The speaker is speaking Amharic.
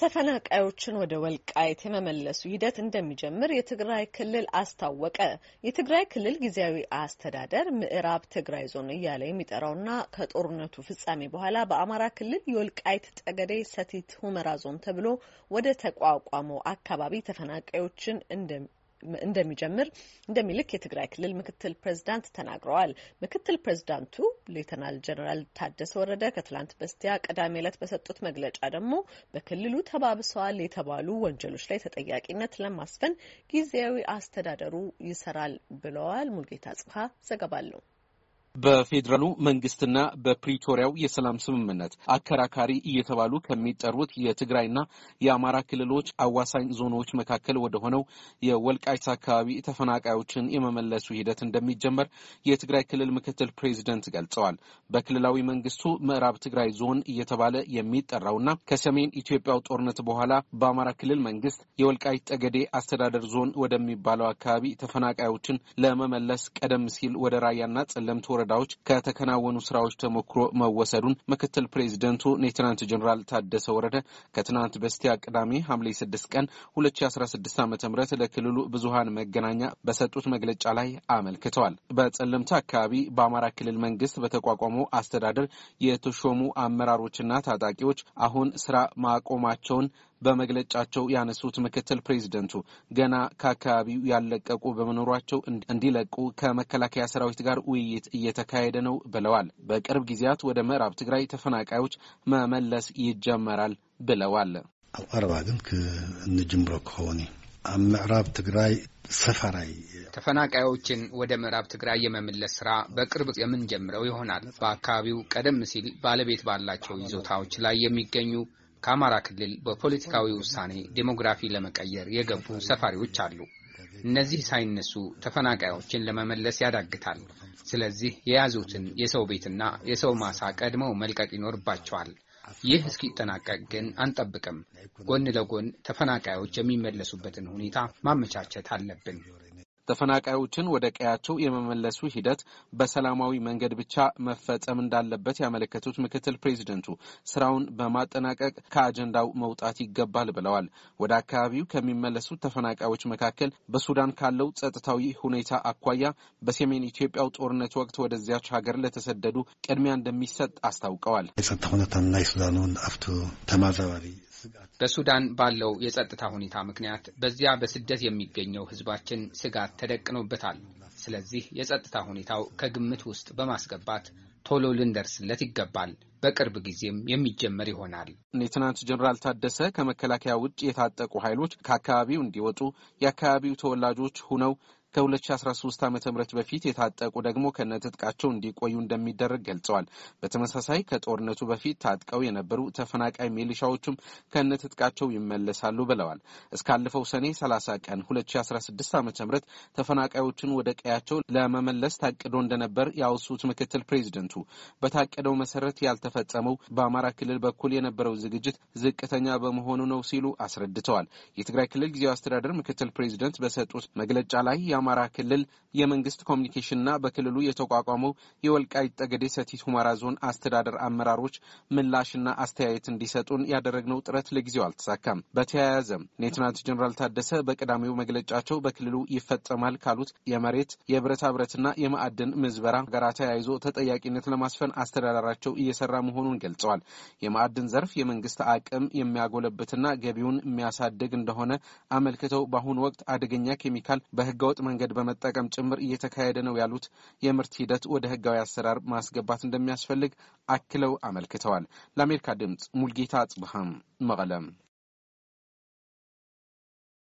ተፈናቃዮችን ወደ ወልቃይት የመመለሱ ሂደት እንደሚጀምር የትግራይ ክልል አስታወቀ። የትግራይ ክልል ጊዜያዊ አስተዳደር ምዕራብ ትግራይ ዞን እያለ የሚጠራውና ከጦርነቱ ፍጻሜ በኋላ በአማራ ክልል የወልቃይት ጠገዴ ሰቲት ሁመራ ዞን ተብሎ ወደ ተቋቋመው አካባቢ ተፈናቃዮችን እንደሚጀምር እንደሚልክ የትግራይ ክልል ምክትል ፕሬዚዳንት ተናግረዋል። ምክትል ፕሬዚዳንቱ ሌተናል ጀነራል ታደሰ ወረደ ከትላንት በስቲያ ቅዳሜ ዕለት በሰጡት መግለጫ ደግሞ በክልሉ ተባብሰዋል የተባሉ ወንጀሎች ላይ ተጠያቂነት ለማስፈን ጊዜያዊ አስተዳደሩ ይሰራል ብለዋል። ሙልጌታ ጽፋ ዘገባ አለው። በፌዴራሉ መንግስትና በፕሪቶሪያው የሰላም ስምምነት አከራካሪ እየተባሉ ከሚጠሩት የትግራይና የአማራ ክልሎች አዋሳኝ ዞኖች መካከል ወደ ሆነው የወልቃይት አካባቢ ተፈናቃዮችን የመመለሱ ሂደት እንደሚጀመር የትግራይ ክልል ምክትል ፕሬዚደንት ገልጸዋል። በክልላዊ መንግስቱ ምዕራብ ትግራይ ዞን እየተባለ የሚጠራውና ከሰሜን ኢትዮጵያው ጦርነት በኋላ በአማራ ክልል መንግስት የወልቃይት ጠገዴ አስተዳደር ዞን ወደሚባለው አካባቢ ተፈናቃዮችን ለመመለስ ቀደም ሲል ወደ ራያና ጸለምት ወረዳ ወረዳዎች ከተከናወኑ ስራዎች ተሞክሮ መወሰዱን ምክትል ፕሬዚደንቱ ሌተናንት ጀኔራል ታደሰ ወረደ ከትናንት በስቲያ ቅዳሜ ሐምሌ 6 ቀን 2016 ዓ ም ለክልሉ ብዙሀን መገናኛ በሰጡት መግለጫ ላይ አመልክተዋል። በጸለምታ አካባቢ በአማራ ክልል መንግስት በተቋቋመው አስተዳደር የተሾሙ አመራሮችና ታጣቂዎች አሁን ስራ ማቆማቸውን በመግለጫቸው ያነሱት ምክትል ፕሬዚደንቱ ገና ከአካባቢው ያለቀቁ በመኖሯቸው እንዲለቁ ከመከላከያ ሰራዊት ጋር ውይይት እየተካሄደ ነው ብለዋል። በቅርብ ጊዜያት ወደ ምዕራብ ትግራይ ተፈናቃዮች መመለስ ይጀመራል ብለዋል። ኣብ ቀረባ ግን ንጅምሮ ክኸውን ኣብ ምዕራብ ትግራይ ሰፈራይ ተፈናቃዮችን ወደ ምዕራብ ትግራይ የመመለስ ስራ በቅርብ የምንጀምረው ይሆናል። በአካባቢው ቀደም ሲል ባለቤት ባላቸው ይዞታዎች ላይ የሚገኙ ከአማራ ክልል በፖለቲካዊ ውሳኔ ዴሞግራፊ ለመቀየር የገቡ ሰፋሪዎች አሉ። እነዚህ ሳይነሱ ተፈናቃዮችን ለመመለስ ያዳግታል። ስለዚህ የያዙትን የሰው ቤትና የሰው ማሳ ቀድመው መልቀቅ ይኖርባቸዋል። ይህ እስኪጠናቀቅ ግን አንጠብቅም። ጎን ለጎን ተፈናቃዮች የሚመለሱበትን ሁኔታ ማመቻቸት አለብን። ተፈናቃዮችን ወደ ቀያቸው የመመለሱ ሂደት በሰላማዊ መንገድ ብቻ መፈጸም እንዳለበት ያመለከቱት ምክትል ፕሬዚደንቱ ስራውን በማጠናቀቅ ከአጀንዳው መውጣት ይገባል ብለዋል። ወደ አካባቢው ከሚመለሱ ተፈናቃዮች መካከል በሱዳን ካለው ጸጥታዊ ሁኔታ አኳያ በሰሜን ኢትዮጵያው ጦርነት ወቅት ወደዚያች ሀገር ለተሰደዱ ቅድሚያ እንደሚሰጥ አስታውቀዋል። የጸጥታ ሁኔታና የሱዳኑን አፍቶ ተማዛባሪ በሱዳን ባለው የጸጥታ ሁኔታ ምክንያት በዚያ በስደት የሚገኘው ህዝባችን ስጋት ተደቅኖበታል። ስለዚህ የጸጥታ ሁኔታው ከግምት ውስጥ በማስገባት ቶሎ ልንደርስለት ይገባል። በቅርብ ጊዜም የሚጀመር ይሆናል። ሌትናንት ጀኔራል ታደሰ ከመከላከያ ውጭ የታጠቁ ኃይሎች ከአካባቢው እንዲወጡ የአካባቢው ተወላጆች ሁነው ከ2013 ዓ ም በፊት የታጠቁ ደግሞ ከነትጥቃቸው እንዲቆዩ እንደሚደረግ ገልጸዋል። በተመሳሳይ ከጦርነቱ በፊት ታጥቀው የነበሩ ተፈናቃይ ሚሊሻዎቹም ከነትጥቃቸው ይመለሳሉ ብለዋል። እስካለፈው ሰኔ 30 ቀን 2016 ዓ ም ተፈናቃዮቹን ወደ ቀያቸው ለመመለስ ታቅዶ እንደነበር ያወሱት ምክትል ፕሬዚደንቱ በታቀደው መሰረት ያልተፈጸመው በአማራ ክልል በኩል የነበረው ዝግጅት ዝቅተኛ በመሆኑ ነው ሲሉ አስረድተዋል። የትግራይ ክልል ጊዜያዊ አስተዳደር ምክትል ፕሬዚደንት በሰጡት መግለጫ ላይ የአማራ ክልል የመንግስት ኮሚኒኬሽንና በክልሉ የተቋቋመው የወልቃይት ጠገዴ ሰቲት ሁመራ ዞን አስተዳደር አመራሮች ምላሽና አስተያየት እንዲሰጡን ያደረግነው ጥረት ለጊዜው አልተሳካም። በተያያዘም ሌተናንት ጀኔራል ታደሰ በቀዳሚው መግለጫቸው በክልሉ ይፈጸማል ካሉት የመሬት የብረታ ብረትና የማዕድን ምዝበራ ጋራ ተያይዞ ተጠያቂነት ለማስፈን አስተዳደራቸው እየሰራ መሆኑን ገልጸዋል። የማዕድን ዘርፍ የመንግስት አቅም የሚያጎለብትና ገቢውን የሚያሳድግ እንደሆነ አመልክተው በአሁኑ ወቅት አደገኛ ኬሚካል በህገወጥ መንገድ በመጠቀም ጭምር እየተካሄደ ነው ያሉት የምርት ሂደት ወደ ህጋዊ አሰራር ማስገባት እንደሚያስፈልግ አክለው አመልክተዋል። ለአሜሪካ ድምፅ ሙልጌታ አጽብሃም መቀለም